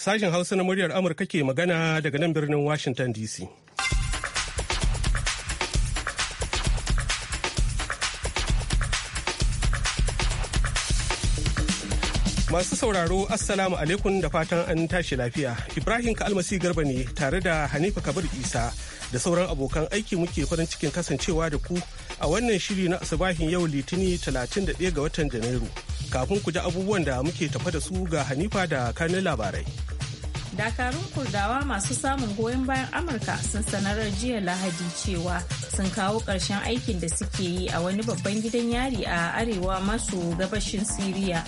Sashen Hausa na muryar Amurka ke magana daga nan birnin Washington DC. Masu sauraro Assalamu alaikum da fatan an tashi lafiya. Ibrahim ka'almasi Garba ne tare da Hanifa Kabir Isa da sauran abokan aiki muke farin cikin kasancewa da ku a wannan shiri na asubahin yau Litini 31 ga watan Janairu. Kafin ku ji abubuwan da muke tafa da su ga Hanifa da kanin labarai. dakarun kurdawa masu samun goyon bayan amurka sun sanarar jiya lahadi cewa sun kawo ƙarshen aikin da suke yi a wani babban gidan yari a arewa maso gabashin siriya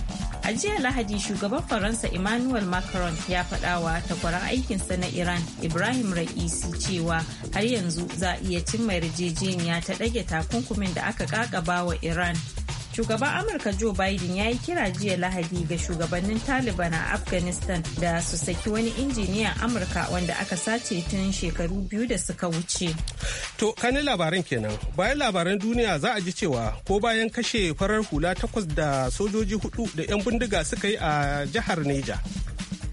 a jiya lahadi shugaban faransa emmanuel macron ya faɗawa takwaran aikinsa na iran ibrahim ra'isi cewa har yanzu za a iya cimma yarjejeniya ta ɗage takunkumin da aka ƙaƙaba wa iran shugaban amurka joe biden ya yi kira jiya lahadi ga shugabannin taliban a afghanistan da su saki wani injiniyan amurka wanda aka sace tun shekaru biyu da suka wuce to kani labaran kenan bayan labaran duniya za a ji cewa ko bayan kashe farar hula takwas da sojoji hudu da 'yan bindiga suka yi a jihar neja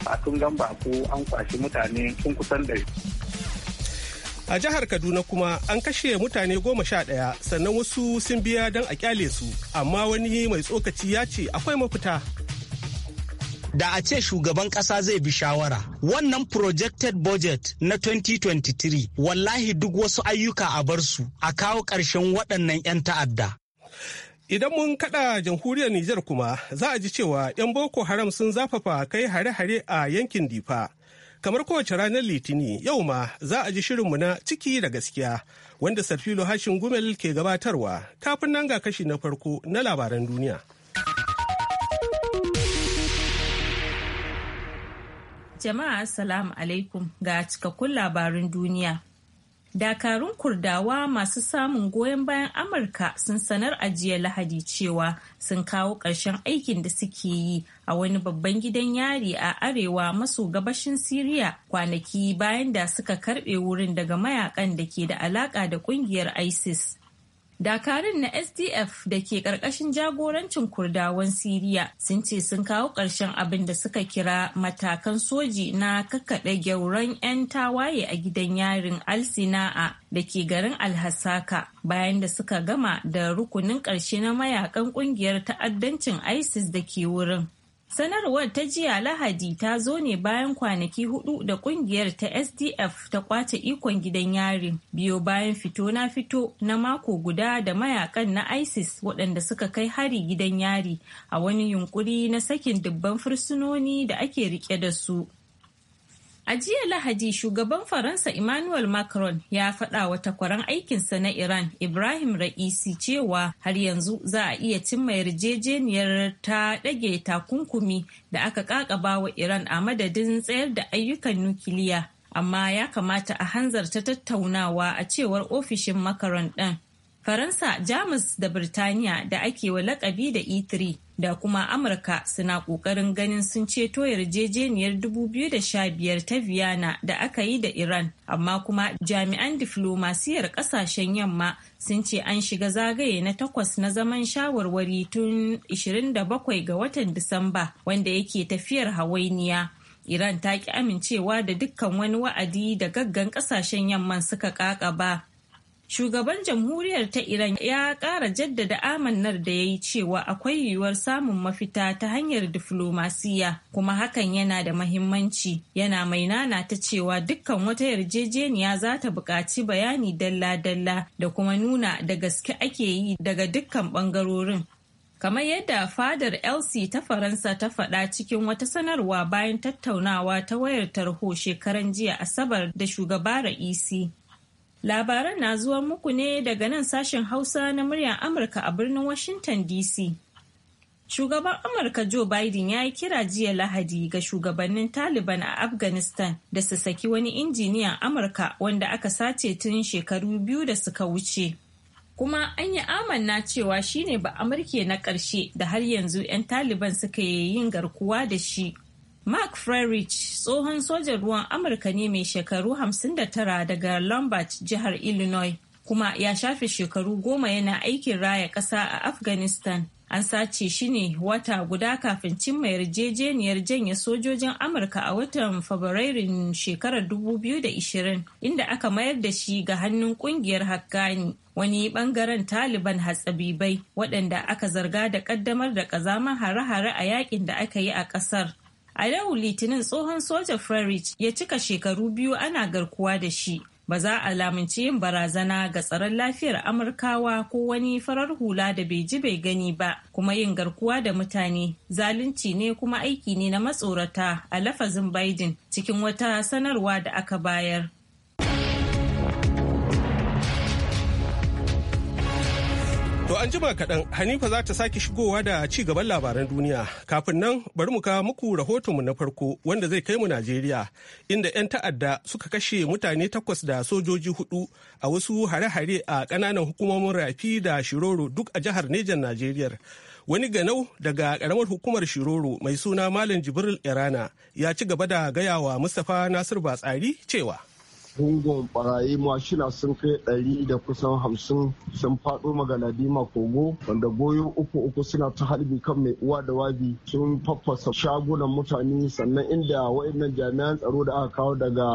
a tun gamba ko an kwashi mutane sun kusan ɗari a jihar kaduna kuma an kashe mutane goma sha ɗaya sannan wasu sun biya don a kyale su amma wani mai tsokaci ya ce akwai mafita da a ce shugaban kasa zai bi shawara wannan projected budget na 2023 wallahi duk wasu ayyuka a bar su a kawo ƙarshen waɗannan 'yan ta'adda Idan mun kada jamhuriyar Nijar kuma za a ji cewa 'yan Boko Haram sun zafafa kai hare-hare a yankin Difa Kamar kowace ranar Litini yau ma za a ji shirinmu na ciki da gaskiya wanda Sarfilo Hashin Gumel ke gabatarwa kafin nan ga kashi na farko na labaran duniya. Jama'a Assalamu alaikum ga cikakkun labarin duniya. dakarun kurdawa masu samun goyon bayan amurka sun sanar a jiya lahadi cewa sun kawo ƙarshen aikin da suke yi a wani babban gidan yari a arewa maso gabashin siriya kwanaki bayan da suka karbe wurin daga mayakan da ke da alaka da kungiyar isis dakarun na sdf da ke karkashin jagorancin kurdawan siriya sun ce sun kawo ƙarshen abin da suka kira matakan soji na kakkaɗe gyauran 'yan tawaye a gidan yarin alsina'a da ke garin alhassaka bayan da suka gama da rukunin ƙarshe na mayakan ƙungiyar ta'addancin isis da ke wurin Sanarwar ta jiya Lahadi ta zo ne bayan kwanaki hudu da kungiyar ta SDF ta kwace ikon gidan yari, biyo bayan fito na fito na mako guda da mayakan na ISIS waɗanda suka kai hari gidan yari a wani yunkuri na sakin dubban fursunoni da ake rike da su. A jiya Lahadi shugaban Faransa Emmanuel Macron ya faɗa wa takwaran aikinsa na Iran Ibrahim Ra'isi cewa har yanzu za a iya cimma yarjejeniyar ta ɗage takunkumi da aka ƙaƙaba wa Iran a madadin tsayar da ayyukan nukiliya. Amma ya kamata a hanzarta tattaunawa a cewar ofishin Macron ɗin. Faransa, Jamus da Birtaniya da ake wa lakabi da E3 da kuma Amurka suna ƙoƙarin ganin sun ceto yarjejeniyar 2015 ta Vienna da aka yi da Iran, amma kuma jami'an diflomasiyar ƙasashen yamma sun ce an shiga zagaye na takwas na zaman shawarwari tun 27 ga watan Disamba wanda yake tafiyar hawainiya. Iran ta ki amincewa da dukkan wani wa'adi da gaggan ƙasashen yamman suka ƙaƙaba. shugaban jamhuriyar ta iran ya kara jaddada amannar da ya yi cewa akwai yiwuwar samun mafita ta hanyar diflomasiya kuma hakan yana da mahimmanci yana mai nana ta cewa dukkan wata yarjejeniya za ta buƙaci bayani dalla-dalla da kuma nuna da gaske ake yi daga dukkan ɓangarorin kamar yadda fadar lc ta faransa ta faɗa cikin wata sanarwa bayan tattaunawa ta wayar tarho shekaran jiya asabar da shugaba ra'isi Labaran na zuwa muku ne daga nan sashen Hausa na muryar Amurka a birnin Washington DC. Shugaban Amurka Joe Biden ya yi kira jiya Lahadi ga shugabannin Taliban a Afghanistan da su saki wani injiniyan Amurka wanda aka sace tun shekaru biyu da suka wuce. Kuma an yi amanna cewa shine ba Amurke na ƙarshe da har yanzu 'yan Taliban suka yin garkuwa da shi Mark Frerich tsohon sojan ruwan Amurka ne mai shekaru 59 daga Lombard, jihar Illinois, kuma ya shafe shekaru goma yana aikin raya ƙasa a Afghanistan. An sace shi ne wata guda kafin cimma yarjejeniyar janye sojojin Amurka a watan Fabrairun shekarar 2020, inda aka mayar da shi ga hannun kungiyar Haqqani. wani bangaren taliban hatsabibai waɗanda aka zarga da ƙaddamar da ƙazaman hare-hare a yakin da aka yi a ƙasar A yau Litinin tsohon soja Frerich ya cika shekaru biyu ana garkuwa da shi. Ba za a lamunci yin barazana ga tsaron lafiyar Amurkawa ko wani farar hula da bai ji bai gani ba, kuma yin garkuwa da mutane zalunci ne kuma aiki ne na matsorata a lafazin Biden cikin wata sanarwa da aka bayar. To an jima kaɗan Hanifa za ta sake shigowa da ci gaban labaran duniya. Kafin nan bari mu kawo muku rahotonmu na farko wanda zai kai mu Najeriya inda 'yan ta'adda suka kashe mutane takwas da sojoji hudu a wasu hare-hare a ƙananan hukumomin rafi da shiroro duk a jihar Nejan Najeriya. Wani ganau daga ƙaramar hukumar shiroro mai suna Malam Jibril Irana ya ci gaba da gayawa Mustapha Nasir Batsari cewa. gungun barayi mashina sun kai ɗari da kusan hamsin sun faɗo magaladima kogo wanda goyo uku uku suna ta harbi kan mai uwa da wabi sun faffasa shagunan mutane sannan inda wa'annan jami'an tsaro da aka kawo daga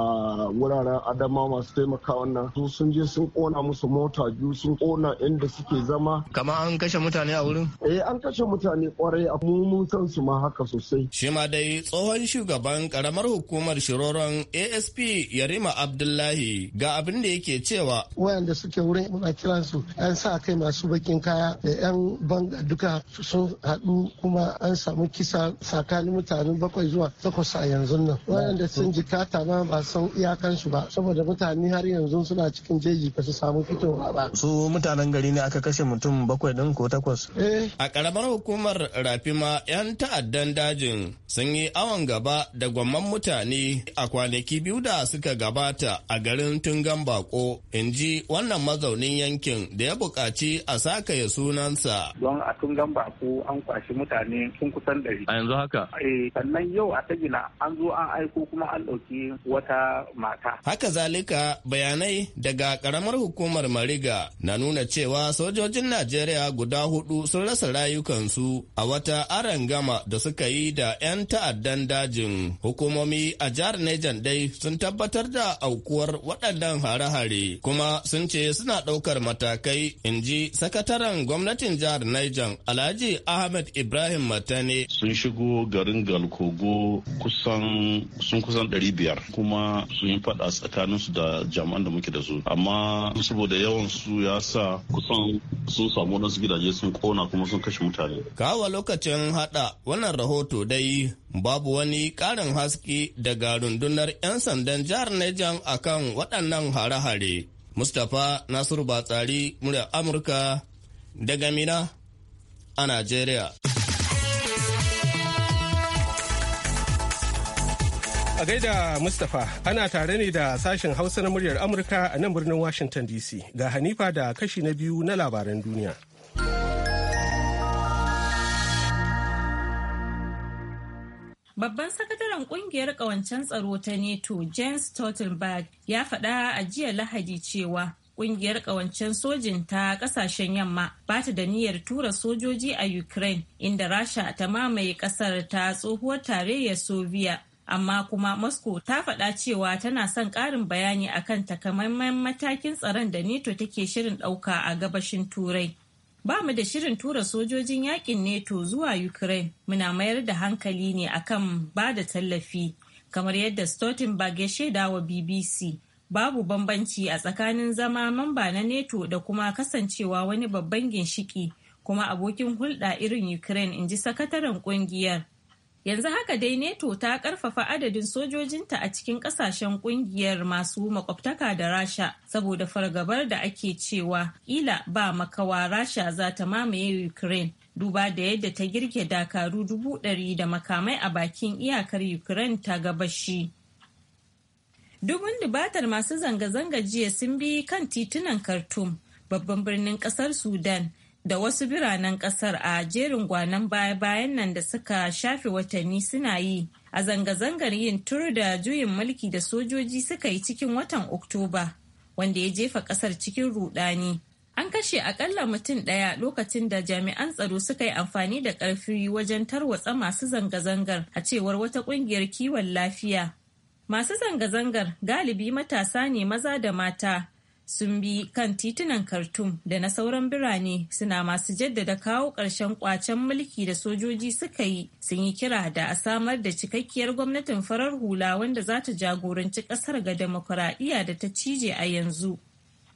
wuraren adama masu taimaka wannan su sun je sun kona musu mota biyu sun kona inda suke zama kama an kashe mutane a wurin eh an kashe mutane kwarai a mun san su ma haka sosai shi ma dai tsohon shugaban karamar hukumar shiroron asp yarima abdul abdullahi ga abin da yake cewa wayanda suke wurin muna kiransu an sa kai masu bakin kaya da yan banga duka sun haɗu kuma an samu kisa tsakanin mutane bakwai zuwa takwas a yanzu nan wayanda sun jikata ma ba san iyakansu ba saboda mutane har yanzu suna cikin jeji ba su samu fitowa ba su mutanen gari ne aka kashe mutum bakwai din ko takwas eh. a karamar hukumar rafima yan ta'addan dajin sun yi awon gaba da gwamman mutane a kwanaki biyu da suka gabata a garin Tungan Bako, in ji wannan mazaunin yankin da ya buƙaci a ya sunansa. Don a Tungan Bako an kwashi mutane sun kusan ɗari. A yanzu haka? Eh, sannan yau a Tagina an zo an aiko kuma an ɗauki wata mata. Haka zalika bayanai daga ƙaramar hukumar Mariga na nuna cewa sojojin Najeriya guda hudu sun rasa rayukansu a wata gama da suka yi da 'yan ta'addan dajin. Hukumomi a jihar Nejan dai sun tabbatar da auku aukuwar waɗannan hare-hare kuma sun ce suna ɗaukar matakai in ji sakataren gwamnatin jihar Niger Alhaji Ahmed Ibrahim Matane. Sun shigo garin Galkogo kusan sun kusan ɗari biyar kuma sun yi faɗa tsakaninsu da jami'an da muke da su amma saboda yawan su ya sa kusan sun samu wasu gidaje sun kona kuma sun kashe mutane. Kawa lokacin haɗa wannan rahoto dai babu wani ƙarin haske daga rundunar 'yan sandan jihar Niger a akan waɗannan hare-hare. Mustapha Nasiru Batsari murya Amurka daga Mina a Najeriya. A gaida Mustapha ana tare ne da sashen Hausa na muryar Amurka a nan birnin Washington DC ga Hanifa da kashi na biyu na labaran duniya. Babban sakataren kungiyar kawancen tsaro ta NATO James Stoltenberg ya faɗa a jiya Lahadi cewa kungiyar kawancen sojin ta ƙasashen yamma ba ta da niyyar tura sojoji a Ukraine inda Rasha ta mamaye ƙasar ta tsohuwar tarayyar Soviya. Amma kuma Moscow ta faɗa cewa tana son ƙarin bayani akan takamaiman matakin tsaron da NATO take shirin ɗauka a gabashin Turai. Ba mu da shirin tura sojojin yakin NATO zuwa Ukraine muna mayar da hankali ne akan ba da tallafi kamar yadda Stoltenberg ya shaida wa BBC. Babu bambanci a tsakanin zama mamba na neto da kuma kasancewa wani babban ginshiki kuma abokin hulɗa irin Ukraine in ji sakataren ƙungiyar. Yanzu haka dai neto ta karfafa adadin sojojinta a cikin kasashen kungiyar masu makwabtaka da Rasha saboda fargabar da ake cewa Ila ba makawa Rasha za ta mamaye Ukraine. Duba da yadda ta girke dakaru dubu ɗari da makamai a bakin iyakar Ukraine ta gabashi. Dubun dubatar masu zanga-zanga jiya sun bi kan titunan Khartoum, babban birnin ƙasar Sudan. da wasu biranen kasar a jerin gwanan baya-bayan nan da suka shafe watanni suna yi a zanga-zangar yin tur da juyin mulki da sojoji suka yi cikin watan oktoba wanda ya jefa kasar cikin rudani an kashe akalla mutum ɗaya lokacin da jami'an tsaro suka yi amfani da ƙarfi wajen tarwatsa masu zanga-zangar a cewar wata ƙungiyar kiwon lafiya masu zanga-zangar galibi matasa ne maza da mata sun bi kan titunan Khartoum da na sauran birane suna masu jaddada kawo ƙarshen ƙwacen mulki da sojoji suka yi sun yi kira da a samar da cikakkiyar gwamnatin farar hula wanda za ta jagoranci ƙasar ga demokuraɗiyya da ta cije a yanzu.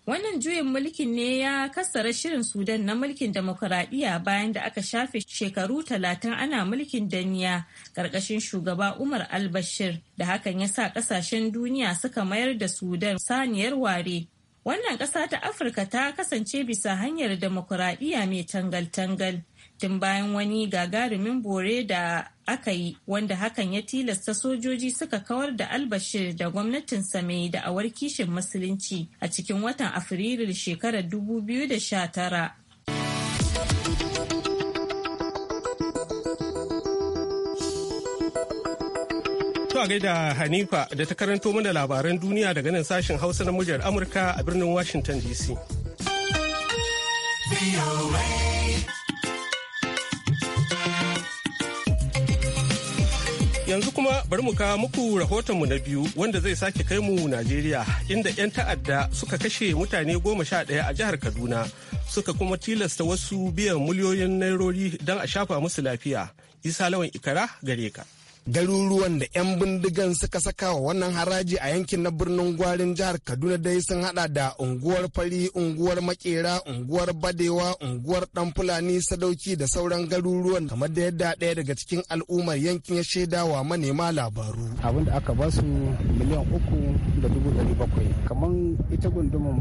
Wannan juyin mulkin ne ya kassara shirin Sudan na mulkin demokuraɗiyya bayan da aka shafe shekaru talatin ana mulkin danniya ƙarƙashin shugaba Umar al-Bashir da hakan ya sa ƙasashen duniya suka mayar da Sudan saniyar ware Wannan ƙasa ta Afirka ta kasance bisa hanyar demokuraɗiyya mai tangal-tangal tun bayan wani gagarumin bore da aka yi wanda hakan ya tilasta sojoji suka kawar da albashir da gwamnatin mai da awar kishin musulunci a cikin watan afrilu shekarar 2019. To a gaida Hanifa da ta karanto mana labaran duniya daga nan sashen Hausa na muryar Amurka a birnin Washington DC. Yanzu kuma bari mu kawo muku rahotonmu na biyu wanda zai sake kai mu Najeriya inda 'yan ta'adda suka kashe mutane goma sha ɗaya a jihar Kaduna suka kuma tilasta wasu biyan miliyoyin nairori don a shafa musu lafiya. Isa lawan ikara gare ka. garuruwan da 'yan bindigan suka saka wa wannan haraji a yankin na birnin gwarin jihar kaduna dai sun hada da unguwar fari unguwar makera unguwar badewa unguwar dan fulani sadauki da sauran garuruwan kamar da yadda ɗaya daga cikin al'ummar yankin ya shaida wa manema labaru abin da aka basu miliyan uku da dubu ɗari bakwai kamar ita gunduman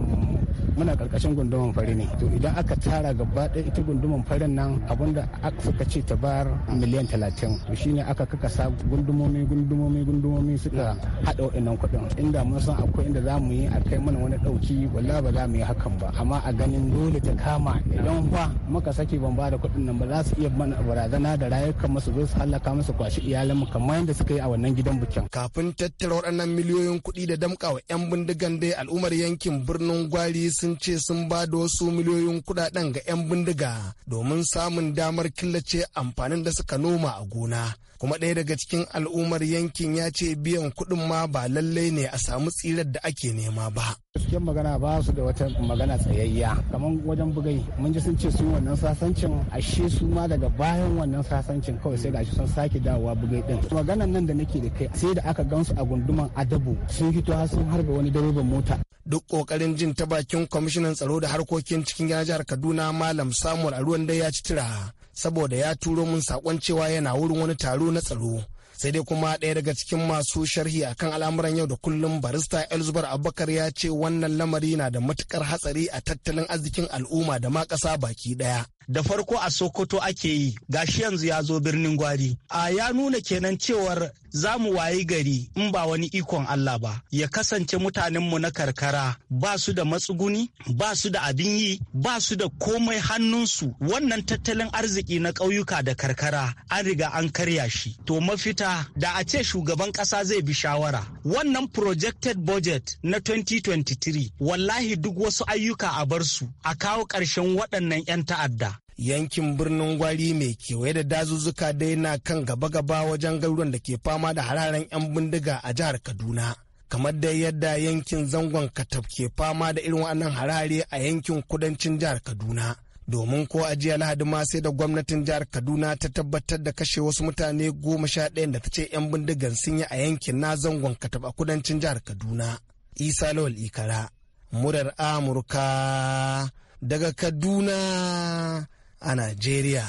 muna karkashin gunduman fari ne to idan aka tara gaba ɗaya ita gunduman farin nan abin da suka ce ta bar miliyan talatin to shine aka kaka gundumomi gundumomi gundumomi suka haɗa waɗannan kuɗin inda mun san akwai inda za mu yi a kai mana wani ɗauki walla ba za mu yi hakan ba amma a ganin dole ta kama idan ba muka saki ban ba da kuɗin nan ba za su iya mana barazana da rayukan masu zo su hallaka masu kwashi mu kamar yadda suka yi a wannan gidan bikin. kafin tattara waɗannan miliyoyin kuɗi da damƙa wa 'yan bindigan dai al'ummar yankin birnin gwari sun ce sun ba da wasu miliyoyin kuɗaɗen ga 'yan bindiga domin samun damar killace amfanin da suka noma a gona kuma ɗaya daga cikin al'ummar yankin ya ce biyan kuɗin ma ba lallai ne a samu tsirar da ake nema ba. gaskiyar magana ba su da wata magana tsayayya kamar wajen bugai mun ji sun ce sun wannan sasancin ashe su ma daga bayan wannan sasancin kawai sai gashi sun sake dawowa bugai din maganan nan da nake da kai sai da aka gansu a gunduman adabu sun fito har sun harba wani direban mota duk kokarin jin ta bakin kwamishinan tsaro da harkokin cikin jihar kaduna malam samuel a ruwan da ya ci tira saboda ya turo mun sakon cewa yana wurin wani taro na tsaro sai dai kuma ɗaya daga cikin masu sharhi akan al'amuran yau da kullum barista elzubar abubakar ya ce wannan lamari na da matukar hatsari a tattalin arzikin al'umma da ma ƙasa baki ɗaya da farko a Sokoto ake yi gashi yanzu ya zo birnin Gwari. A ya nuna kenan cewar za mu wayi gari in ba wani ikon Allah ba ya kasance mutanenmu na karkara ba su da matsuguni ba su da abin yi ba su da komai hannunsu wannan tattalin arziki na ƙauyuka da karkara an riga an karya shi to mafita da a ce shugaban ƙasa zai bi shawara wannan projected budget na 2023 wallahi duk wasu ayyuka a bar su a kawo ƙarshen waɗannan 'yan ta'adda yankin birnin gwari mai kewaye da dazuzzuka dai na kan gaba-gaba wajen garuruwan da ke fama da hararen 'yan bindiga a jihar kaduna kamar dai yadda yankin zangon katab ke fama da irin wannan harare a yankin kudancin jihar kaduna domin ko ajiya lahadi ma sai da gwamnatin jihar kaduna ta tabbatar da kashe wasu mutane goma sha ɗayan da ta ce 'yan bindigan sun yi a yankin na zangon katab a kudancin jihar kaduna isa lawal ikara murar amurka daga kaduna a Najeriya.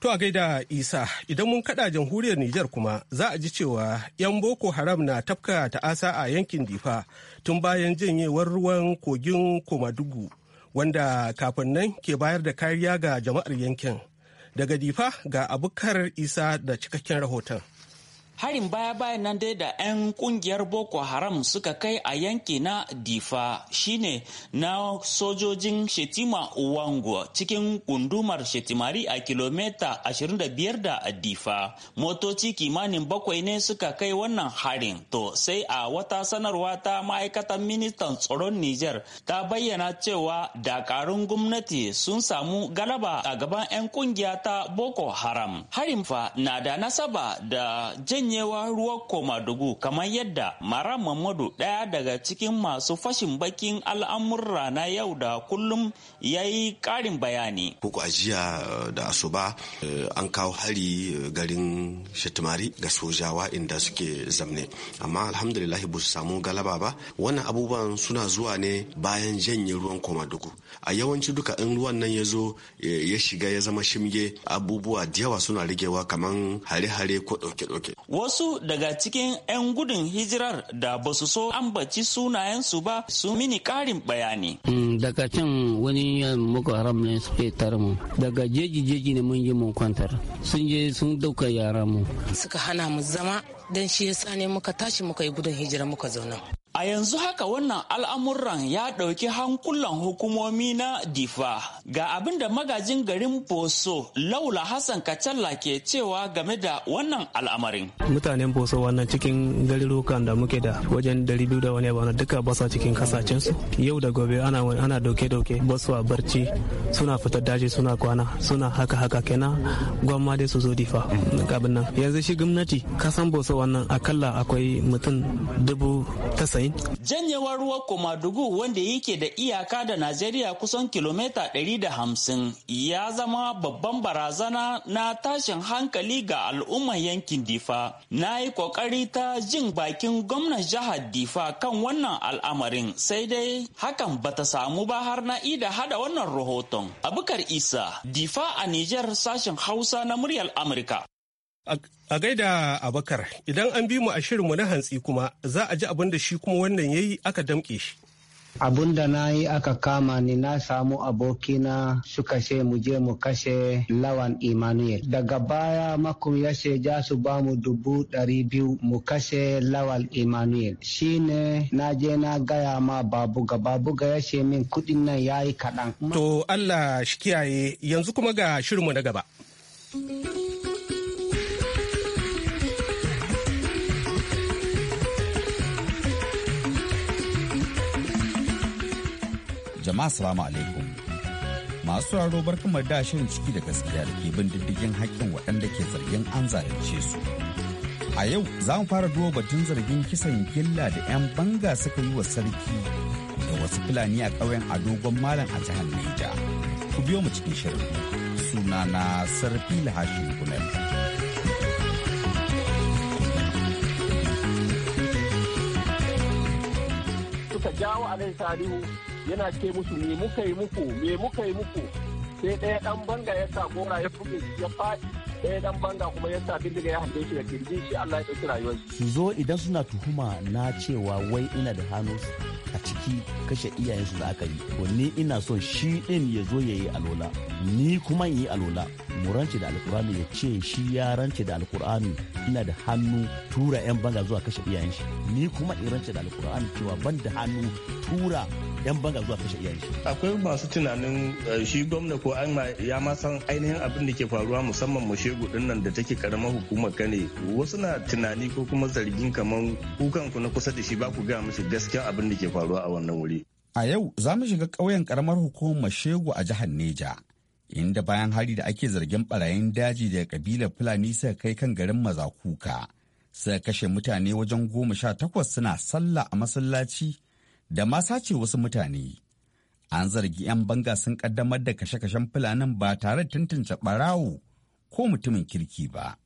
To a gaida Isa idan mun kada jamhuriyar Nijar kuma za a ji cewa 'yan Boko Haram na tafka ta'asa a yankin Difa tun bayan janyewar ruwan kogin Komadugu wanda kafin nan ke bayar da kariya ga jama'ar yankin. Daga Difa ga abukar Isa da cikakken rahoton. harin baya-bayan nan dai da 'yan kungiyar boko haram suka kai a yanki na difa shine na sojojin shetima wango cikin gundumar shetimari a kilomita 25 da difa motoci kimanin bakwai ne suka kai wannan harin to sai a wata sanarwa ta ma'aikatan ministan tsaron niger ta bayyana cewa dakarun gwamnati sun samu galaba a gaban 'yan kungiya ta boko haram harin fa na da nasaba da jin janyewa ruwa komadugu kamar yadda mara mamadu ɗaya daga cikin masu fashin bakin al'amurra na yau da kullum ya yi ƙarin bayani kuku ajiya eh, da asuba eh, an kawo hari eh, garin shatimari ga sojawa inda suke zamne amma alhamdulillah ba su samu galaba ba wannan abubuwan suna zuwa ne bayan janye ruwan komadugu a yawanci duka in ruwan nan ya zo ya shiga ya zama shimge abubuwa da yawa suna rigewa kamar hare-hare ko ɗauke-ɗauke Wasu daga cikin 'yan gudun hijirar da ba su so ambaci sunayensu ba su mini ƙarin bayani. Mm, daga can wani muka haram ne suke mu. Daga jeji jeji ne mun yi mun kwantar. Sun je sun dauka yara mu. Suka hana mu zama don shi yasa ne muka tashi muka yi gudun hijira muka zauna. A yanzu haka wannan al'amuran ya ɗauki hankulan hukumomi na Difa. Ga abin da magajin garin Boso Laula Hassan Kacalla ke cewa game da wannan al'amarin. Mutanen Boso wannan cikin garirukan da muke da wajen dari biyu da wani bana duka basa cikin su. Yau da gobe ana ana doke-doke basu a barci suna fitar daji suna kwana suna haka-haka kenan gwamma dai su zo Difa. Abin nan yanzu shi gwamnati kasan Boso wannan akalla akwai mutum dubu tasa'in arba'in. Janyewar ruwan Komadugu wanda yake da iyaka da Najeriya kusan kilomita ɗari da hamsin ya zama babban barazana na tashin hankali ga al'ummar yankin Difa. Na yi ƙoƙari ta jin bakin gwamnan jihar Difa kan wannan al'amarin sai dai hakan bata samu ba har na ida hada wannan rahoton. Abukar Isa, Difa a Nijar sashen Hausa na muryar Amurka. A gaida Abakar, idan an bi mu a shirinmu na hantsi kuma za a ji abin da shi kuma wannan ya yi aka damke shi. abun da na yi aka kama ni na samu abokina suka ce mu je mu kashe lawan Emmanuel. Daga baya makum ya ce ja su ba mu dubu ɗari biyu mu kashe lawan Emmanuel. Shi ne na je na gaya ma babuga babuga ya ce min kuɗin nan ya yi kaɗan. To Allah shi kiyaye yanzu kuma ga shirinmu na gaba. jama'a salamu alaikum masu raro barkamar da shirin ciki da gaskiya da ke bin diddigin haƙƙin waɗanda ke zargin an zalunce su a yau za mu fara duba batun zargin kisan gilla da 'yan banga suka yi wa sarki da wasu fulani a ƙauyen adogon malam a jihar Neja. ku biyo mu cikin shirin na sarfi lahashin kunel suka jawo alai yana ce musu me muka yi muku me muka yi muku sai ɗaya ɗan banga ya sa gora ya fuge ya faɗi ɗaya ɗan banga kuma ya sa bindiga ya hande shi da kirji shi Allah ya ɗauki shi. su zo idan suna tuhuma na cewa wai ina da hannu a ciki kashe iyayensu da aka yi to ni ina so shi ɗin ya zo ya yi alola ni kuma in yi alola mu rance da alkur'ani ya ce shi ya rance da alkur'ani ina da hannu tura 'yan banga zuwa kashe iyayen shi ni kuma in rance da alkur'ani cewa ban da hannu tura yan banga zuwa kashe iyaye akwai masu tunanin eh, shi gwamna ko an ya ma san ainihin abin da ke faruwa musamman mashegu din nan da take karamar hukumar kane wasu na tunani ko kuma zargin kaman kukan na kusa da shi ba ku ga mishi gaskiya abin da ke faruwa a wannan wuri a yau za mu shiga ƙauyen karamar hukumar shegu a jihar neja inda bayan hari da ake zargin barayin daji daga kabilar fulani suka kai kan garin mazakuka suka kashe mutane wajen goma sha takwas suna sallah a masallaci da ma sace wasu mutane. An zargi 'yan banga sun kaddamar da kashe-kashen fulanin ba tare da tantance barawo ko mutumin kirki ba.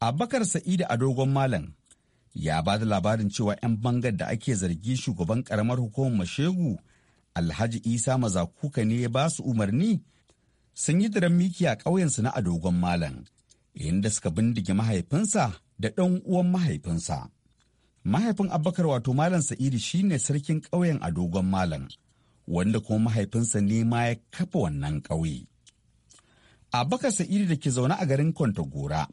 Abakar Sa'ida a dogon malam ya ba da labarin cewa 'yan bangar da ake zargi shugaban karamar hukumar Mashegu Alhaji Isa Mazakuka ne ya ba su umarni sun yi daren miki a ƙauyensu na Adogon Malam, inda suka bindige mahaifinsa da ɗan uwan mahaifinsa. mahaifin abubakar wato malam sa'idu shine sarkin ƙauyen a dogon malam wanda kuma mahaifinsa ne ma ya kafa wannan ƙauye abubakar sa'idu da ke zaune a garin kwantagora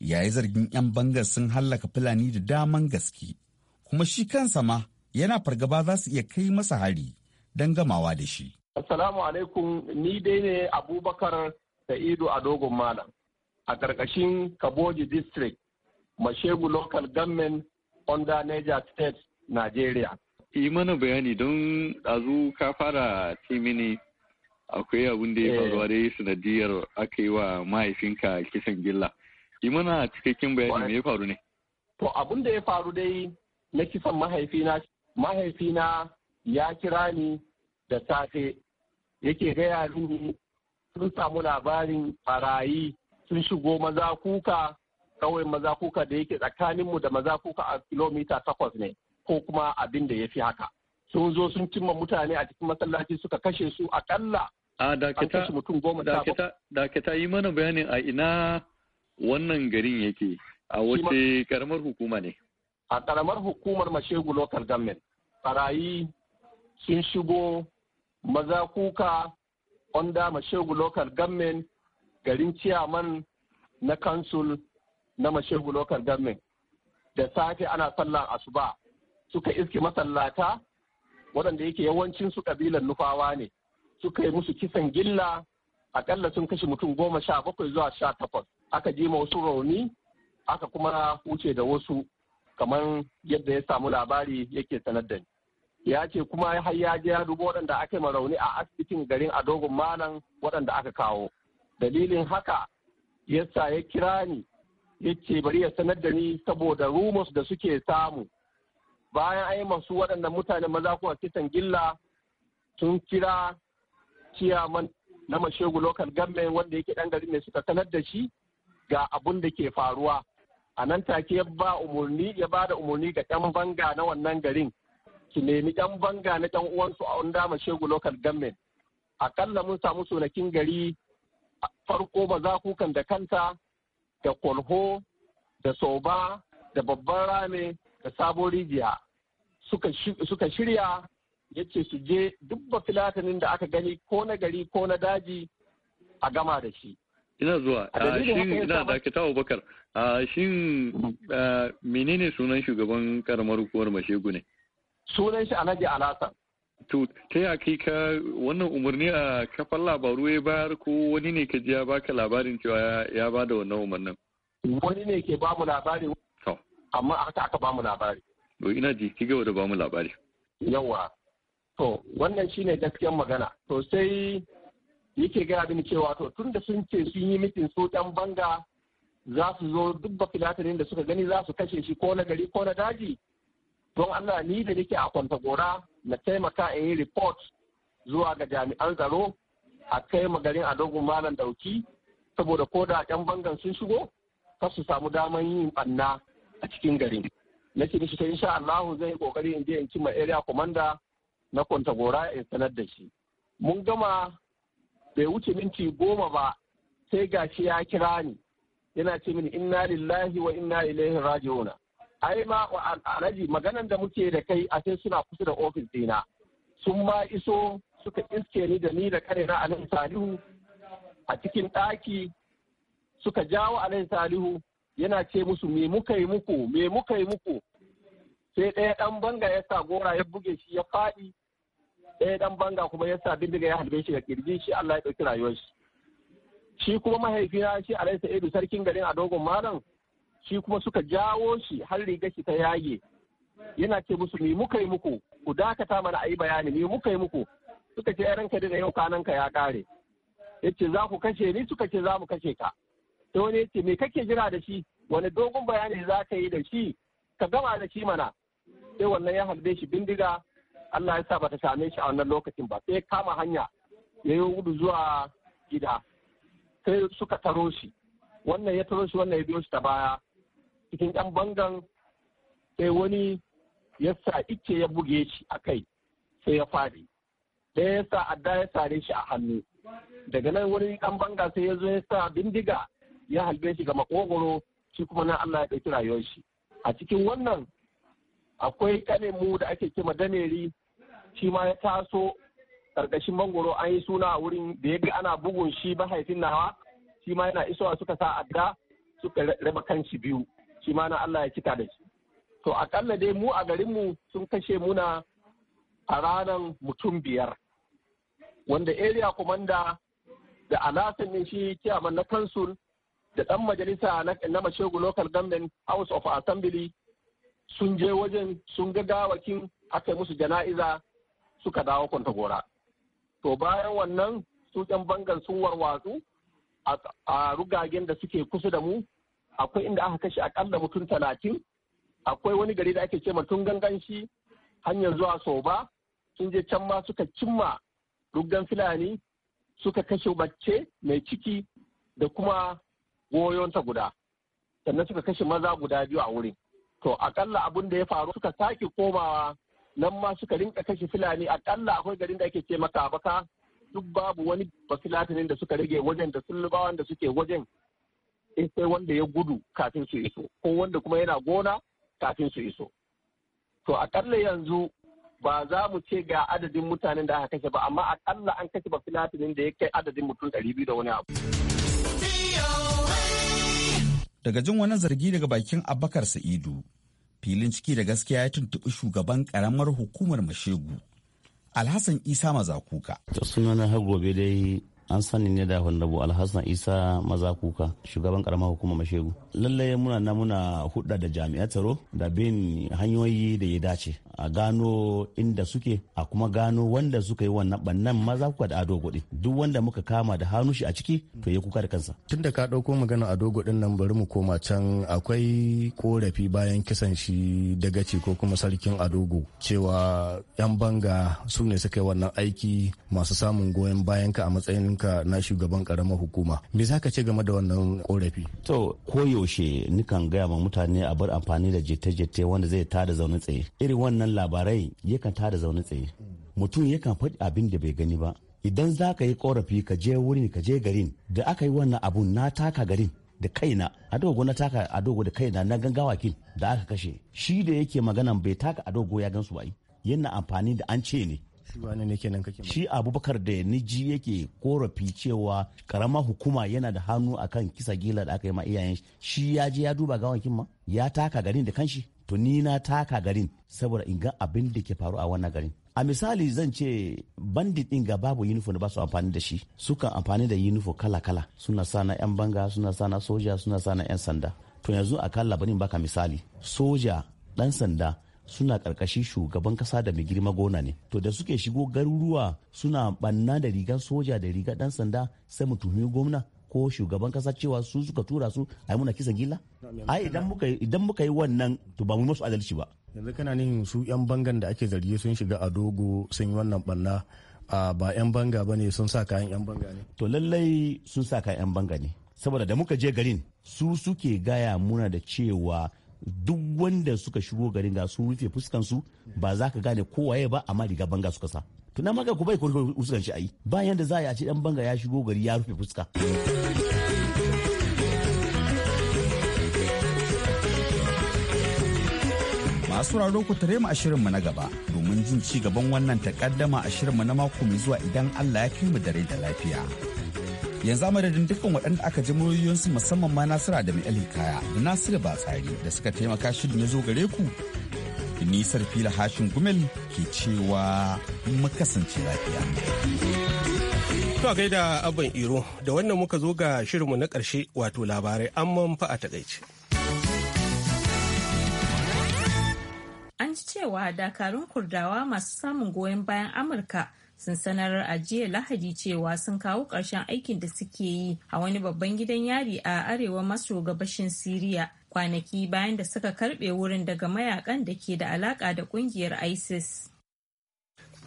ya yi zargin 'yan bangar sun hallaka fulani da daman gaske kuma shi kansa ma yana fargaba za su iya kai masa hari don gamawa da shi assalamu alaikum ni dai ne abubakar sa'idu a dogon malam a ƙarƙashin kaboji district mashegu local government under Niger State, Nigeria. Yi mana bayani don ɗazu ka fara timini akwai abin da ya eh. faruwa da sanadiyar aka yi wa mahaifinka kisan gilla. Yi mana cikakken bayani me ya faru ne? To abin da ya faru dai na kisan mahaifina, mahaifina ya kira ni da safe yake gaya ruru. sun samu labarin barayi sun shigo maza kuka Kawai maza kuka da yake tsakaninmu da maza kuka a kilomita takwas ne ko kuma abin da ya fi haka sun zo sun cimma mutane a cikin masallaci suka kashe su akalla a dakita mutum goma dakita dakita yi mana bayanin a ina wannan garin yake a wace karamar hukuma ne a karamar hukumar mashegu local government barayi sun shigo maza kuka onda mashegu local government garin ciyaman na kansul na mashegu local government da safe ana sallar asuba suka iske masallata waɗanda yake yawancin su ƙabilan nufawa ne suka yi musu kisan gilla aƙalla sun kashe mutum goma sha bakwai zuwa sha takwas aka ji ma wasu rauni aka kuma wuce da wasu kamar yadda ya samu labari yake sanar da ni ya ce kuma har ya je ya dubo waɗanda aka ma rauni a asibitin garin a dogon malam waɗanda aka kawo dalilin haka yasa ya kira ni yace bari ya sanar da ni saboda rumors da suke samu bayan ai masu waɗannan mutane maza kuma kitan gilla sun kira ciyaman na mashegu local government wanda yake ɗan gari ne suka sanar da shi ga abun da ke faruwa a nan take ya ba umarni ya ba da umarni ga ɗan banga na wannan garin su nemi ɗan banga na ɗan uwansu a wanda mashegu local government akalla mun samu sonakin gari farko ba za kukan da kanta da kwalho da soba da babban rami, da sabon rijiya suka shirya ya ce su je dubba filatinin da aka gani ko na gari ko na daji a gama da shi ina zuwa shin ina dakata abubakar shin mhm. menene sunan shugaban karamar hukumar mashegu ne sunan shi alhaji alasan To ta ya kai ka wannan umarni a kafar labaru ya bayar ko wani ne ka ji ya baka labarin cewa ya ba da wannan umarnin? Wani ne ke ba mu labari. Amma a haka aka ba mu labari. To ina ji ki gaba da ba mu labari. Yawwa. To wannan shine gaskiyan magana. To sai yake gaya mini cewa to tun da sun ce sun yi mitin su dan banga za su zo duk bafilatanin da suka gani za su kashe shi ko na gari ko na daji. Don Allah ni da nake a kwanta gora na taimaka in yi report zuwa ga jami'an tsaro a kai garin a dogon malam dauki saboda ko da yan bangan sun shigo kar su samu daman yin ɓanna a cikin garin na da shi ta insha Allahu zai yi kokari in je in ma area commander na gora in sanar da shi mun gama bai wuce minti goma ba sai gashi ya kira ni yana ce mini inna lillahi wa inna ilaihi raji'una ai ma alhaji maganan da muke da kai a sai suna kusa da ofis dina sun ma iso suka iske ni da ni da kare na alin salihu a cikin ɗaki suka jawo alin salihu yana ce musu me muka yi muku me muka yi muku sai ɗaya ɗan banga ya sa gora ya buge shi ya faɗi ɗaya ɗan banga kuma ya sa bindiga ya halbe shi da kirji shi Allah ya ɗauki rayuwar shi shi kuma mahaifina shi alaisa sa'idu sarkin garin a dogon malam shi kuma suka jawo shi har riga shi ta yage yana ce musu me muka yi muku ku dakata mana a yi bayani me muka yi muku suka ce ka da yau kananka ya kare yace za ku kashe ni suka ce za mu kashe ka sai wani yace me kake jira da shi wani dogon bayani za ka yi da shi ka gama da shi mana sai wannan ya halbe shi bindiga Allah ya sa bata same shi a wannan lokacin ba sai kama hanya ya yi gudu zuwa gida sai suka taro shi wannan ya taro shi wannan ya biyo shi ta baya cikin yan bangan sai wani ya sa icce ya buge shi a kai sai ya fadi ɗaya ya sa adda ya sare shi a hannu daga nan wani ɗan banga sai ya zo ya sa bindiga ya halbe shi ga makogoro shi kuma na Allah ya ɗauki rayuwar shi a cikin wannan akwai kane da ake kima daneri shi ma ya taso ƙarƙashin mangoro an yi suna a wurin da ya ana bugun shi mahaifin nawa shi ma yana isowa suka sa adda suka raba kan biyu shi ma na Allah ya cika da shi to akalla dai mu a garinmu sun kashe muna a ranar mutum biyar wanda area commander da alasan ne shi kiyaman na kansul da ɗan majalisa na mashegu local government house of assembly sun je wajen sun ga gawakin aka musu jana'iza suka dawo kwanta gora. to bayan wannan su ɗan bangan sun warwatsu a rugagen da suke kusa da mu akwai inda aka kashe akalla mutum talatin akwai wani gari da ake ce ma tun ganganshi hanyar zuwa soba sun je can ma suka cimma ruggan filani, suka kashe mace mai ciki da kuma goyonta guda sannan suka kashe maza guda biyu a wurin to akalla abin da ya faru suka sake komawa nan ma suka rinka kashe filani. akalla akwai garin da ake ce maka baka duk babu wani basilatinin da suka rage wajen da sun da suke wajen in sai wanda ya gudu kafin su iso ko wanda kuma yana gona kafin su iso to akalla yanzu ba za mu ce ga adadin mutanen da aka kashe ba amma a akalla an kashe ba filatinin da ya kai adadin mutum biyu da wani abu daga jin wani zargi daga bakin abakar sa'idu filin ciki da gaskiya ya tuntuɓi shugaban karamar hukumar mashegu alhassan isa mazakuka sunana hagobe dai an sani ne da honorable alhassan isa maza kuka shugaban karamar hukumar mashegu lallai muna na muna hudda da jami'an tsaro da bin hanyoyi da ya dace a gano inda suke a kuma gano wanda suka yi wannan bannan maza kuka da ado gudi duk wanda muka kama da hannu shi a ciki to ya kuka da kansa tun da ka dauko magana ado gudin nan bari mu koma can akwai korafi bayan kisan shi dagaci ko kuma sarkin adogo cewa yan banga su ne suka yi wannan aiki masu samun goyon ka a matsayin ka na shugaban karamar hukuma me za ka ce game da wannan korafi to koyo yaushe nikan gaya ma mutane a bar amfani da jete-jete wanda zai tada zaune tsaye irin wannan labarai yakan tada zaune tsaye mutum yakan faɗi abin da bai gani ba idan za ka yi korafi ka je wurin ka je garin da aka yi wannan abun na taka garin da kaina adogo na taka adogo da kaina na gangawakin da aka kashe shi da yake maganan bai taka adogo ya gansu ba yana amfani da an ce ne shi abubakar da niji yake korafi cewa karama hukuma yana da hannu akan kisa gila da aka yi ma iyayen shi ya je ya duba gawankin ma ya taka garin da kanshi to ni na taka garin saboda in ga abin da ke faru a wannan garin a misali zan ce bandit din ga babu uniform da ba su amfani da shi sukan amfani da uniform kala kala suna sana yan banga suna sana soja suna sana yan sanda to yanzu a akalla bani baka misali soja dan sanda suna karkashin shugaban kasa da mai girma gona ne to da suke shigo garuruwa suna banna da rigar soja da riga dan sanda sai mu tuhumi gwamna ko shugaban kasa cewa su suka tura su a yi muna kisa gila ai idan muka yi wannan to ba mu masu adalci ba yanzu kana nin su yan bangan da ake zargi sun shiga a dogo sun yi wannan banna ba yan banga ba ne sun sa kayan yan banga ne to lallai sun sa kayan yan banga ne saboda da muka je garin su suke gaya muna da cewa duk wanda suka shigo garin ga sun rufe fuskansu ba za ka gane ya ba amma riga banga suka sa tunan maka ku bai ko fuskan shi ayi bayan da za a ce dan banga ya shigo gari ya rufe fuska masu raro ku tare mu a mu na gaba domin jin ci gaban wannan takaddama a mu na mako mai zuwa idan Allah ya kai mu dare da lafiya. yanzu madadin dukkan waɗanda aka ji muryoyinsu musamman ma nasira da mai kaya da nasiru tsari da suka taimaka shirin da zo gare ku nisar fila hashin gumel ke cewa kasance lafiya to gaida abin iro da wannan muka zo ga shirinmu na karshe wato labarai an manfa a takaice an ci cewa dakarun kurdawa masu samun goyon bayan amurka sun sanar a jiya lahadi cewa sun kawo ƙarshen aikin da suke yi a wani babban gidan yari a arewa maso gabashin siriya kwanaki bayan da suka karbe wurin daga mayakan da ke da alaka da kungiyar isis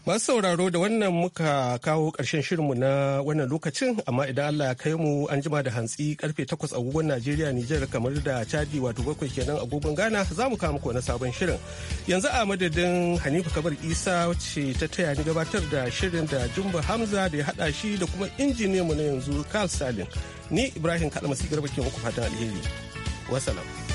Masu sauraro da wannan muka kawo ƙarshen shirinmu na wannan lokacin amma idan Allah ya kai mu an jima da hantsi karfe 8 agogon Najeriya Nijar kamar da Chadi wato bakwai kenan agogon Ghana za mu kawo muku na sabon shirin. Yanzu a madadin Hanifa Kabar Isa ce ta taya ni gabatar da shirin da Jumba Hamza da ya haɗa shi da kuma injiniyanmu na yanzu Karl Salim. Ni Ibrahim Kalmasi Garba ke muku fatan alheri. Wasalam.